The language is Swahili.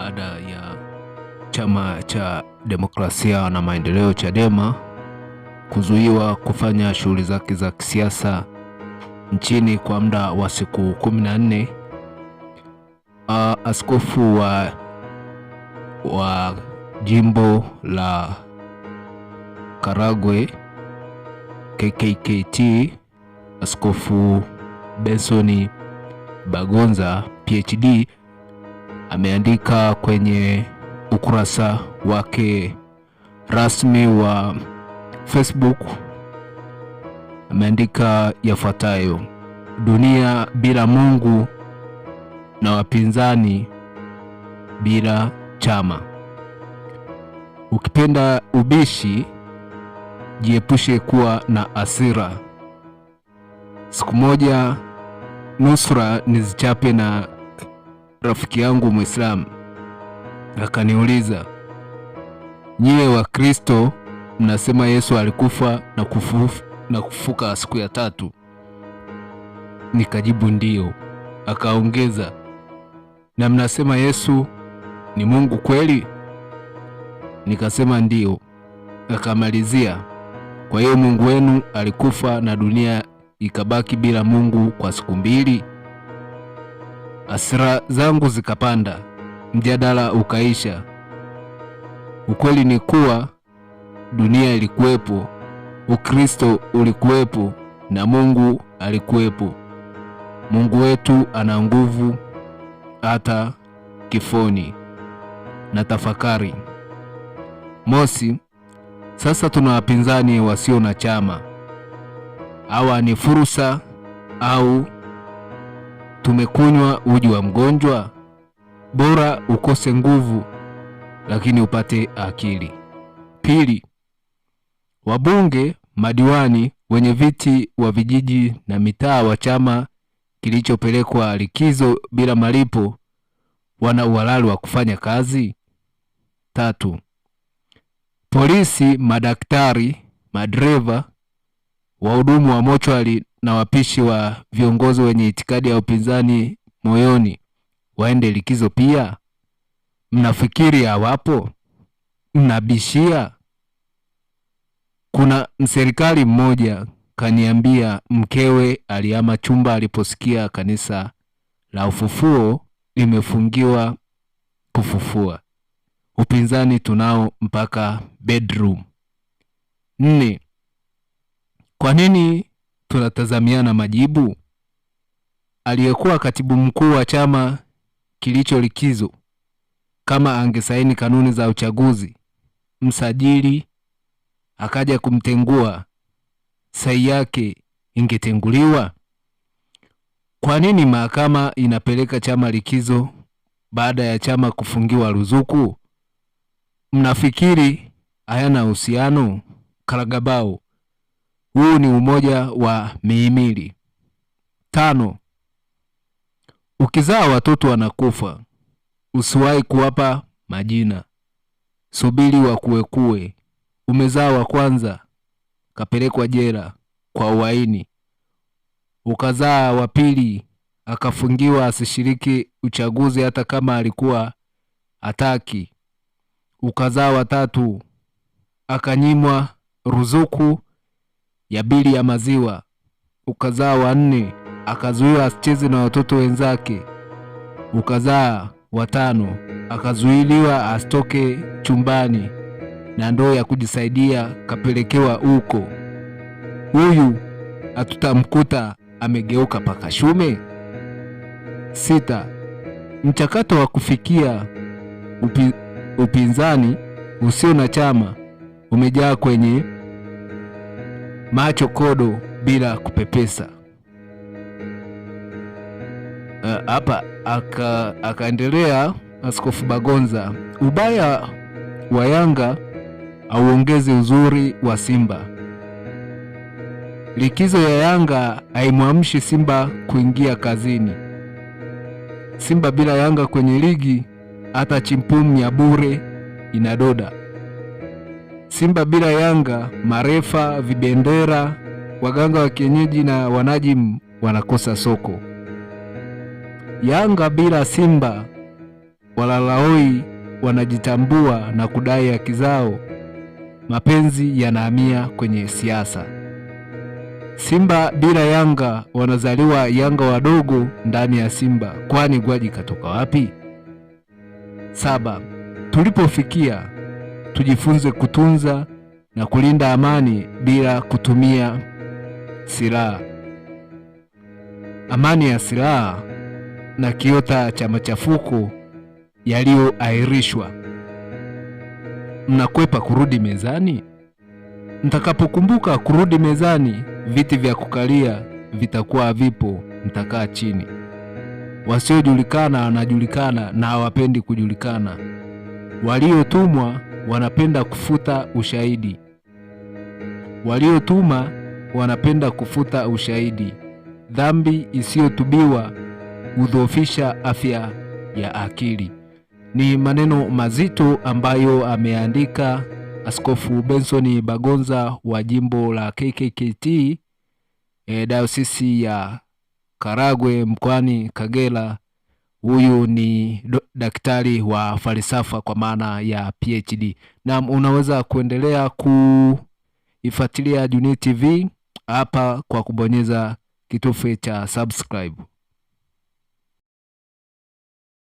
baada ya chama cha demokrasia na maendeleo Chadema kuzuiwa kufanya shughuli zake za kisiasa nchini kwa muda wa siku kumi na nne. Askofu wa, wa jimbo la Karagwe KKKT Askofu Bensoni Bagonza PhD ameandika kwenye ukurasa wake rasmi wa Facebook, ameandika yafuatayo: dunia bila Mungu na wapinzani bila chama. Ukipenda ubishi, jiepushe kuwa na hasira. Siku moja nusra nizichape na rafiki yangu Mwislamu akaniuliza, nyiwe kristo mnasema Yesu alikufa na kufu, na kufuka siku ya tatu? Nikajibu ndiyo. Akaongeza, na mnasema Yesu ni Mungu kweli? Nikasema ndiyo. Akamalizia, kwa hiyo Mungu wenu alikufa na dunia ikabaki bila Mungu kwa siku mbili? Hasira zangu zikapanda, mjadala ukaisha. Ukweli ni kuwa dunia ilikuwepo, Ukristo ulikuwepo na Mungu alikuwepo. Mungu wetu ana nguvu hata kifoni. Na tafakari mosi, sasa tuna wapinzani wasio na chama. Hawa ni fursa au tumekunywa uji wa mgonjwa, bora ukose nguvu lakini upate akili. Pili, wabunge, madiwani, wenye viti wa vijiji na mitaa wa chama kilichopelekwa likizo bila malipo wana uhalali wa kufanya kazi. Tatu, polisi, madaktari, madereva, wahudumu wa mochwari na wapishi wa viongozi wenye itikadi ya upinzani moyoni waende likizo pia? Mnafikiri hawapo? Mnabishia? Kuna mserikali mmoja kaniambia mkewe alihama chumba aliposikia kanisa la ufufuo limefungiwa kufufua. Upinzani tunao mpaka bedroom nne. Kwa nini tunatazamiana majibu? Aliyekuwa katibu mkuu wa chama kilicho likizo, kama angesaini kanuni za uchaguzi, msajili akaja kumtengua, sai yake ingetenguliwa? Kwa nini mahakama inapeleka chama likizo baada ya chama kufungiwa ruzuku? Mnafikiri hayana uhusiano? Karagabao huu ni umoja wa mihimili. Tano, ukizaa watoto wanakufa, usiwahi kuwapa majina, subiri wakuekue. Umezaa wa kwanza kapelekwa jela kwa uhaini, ukazaa wa pili akafungiwa asishiriki uchaguzi hata kama alikuwa hataki, ukazaa wa tatu akanyimwa ruzuku ya bili ya maziwa, ukazaa wanne, akazuiwa asicheze na watoto wenzake. Ukazaa watano, akazuiliwa asitoke chumbani na ndoo ya kujisaidia kapelekewa uko. Huyu hatutamkuta amegeuka paka shume. Sita, mchakato wa kufikia upi, upinzani usio na chama umejaa kwenye macho kodo bila kupepesa. Eh, hapa uh, akaendelea Askofu Bagonza, ubaya wa Yanga auongezi uzuri wa Simba. Likizo ya Yanga haimwamshi Simba kuingia kazini. Simba bila Yanga kwenye ligi, hata chimpumu ya bure inadoda. Simba bila Yanga, marefa, vibendera, waganga wa kienyeji na wanajimu wanakosa soko. Yanga bila Simba, walalahoi wanajitambua na kudai haki zao. Mapenzi yanahamia kwenye siasa. Simba bila Yanga, wanazaliwa Yanga wadogo ndani ya Simba. Kwani Gwaji katoka wapi? Saba, tulipofikia tujifunze kutunza na kulinda amani bila kutumia silaha. Amani ya silaha na kiota cha machafuko yaliyoahirishwa. Mnakwepa kurudi mezani? Mtakapokumbuka kurudi mezani, viti vya kukalia vitakuwa havipo, mtakaa chini. Wasiojulikana wanajulikana na hawapendi kujulikana. Waliotumwa wanapenda kufuta ushahidi, waliotuma wanapenda kufuta ushahidi. Dhambi isiyotubiwa hudhoofisha afya ya akili. Ni maneno mazito ambayo ameandika Askofu Benson Bagonza wa jimbo la KKKT e, eh, dayosisi ya Karagwe mkoani Kagera Huyu ni daktari wa falsafa kwa maana ya PhD. na unaweza kuendelea kuifuatilia Junii TV hapa kwa kubonyeza kitufe cha subscribe.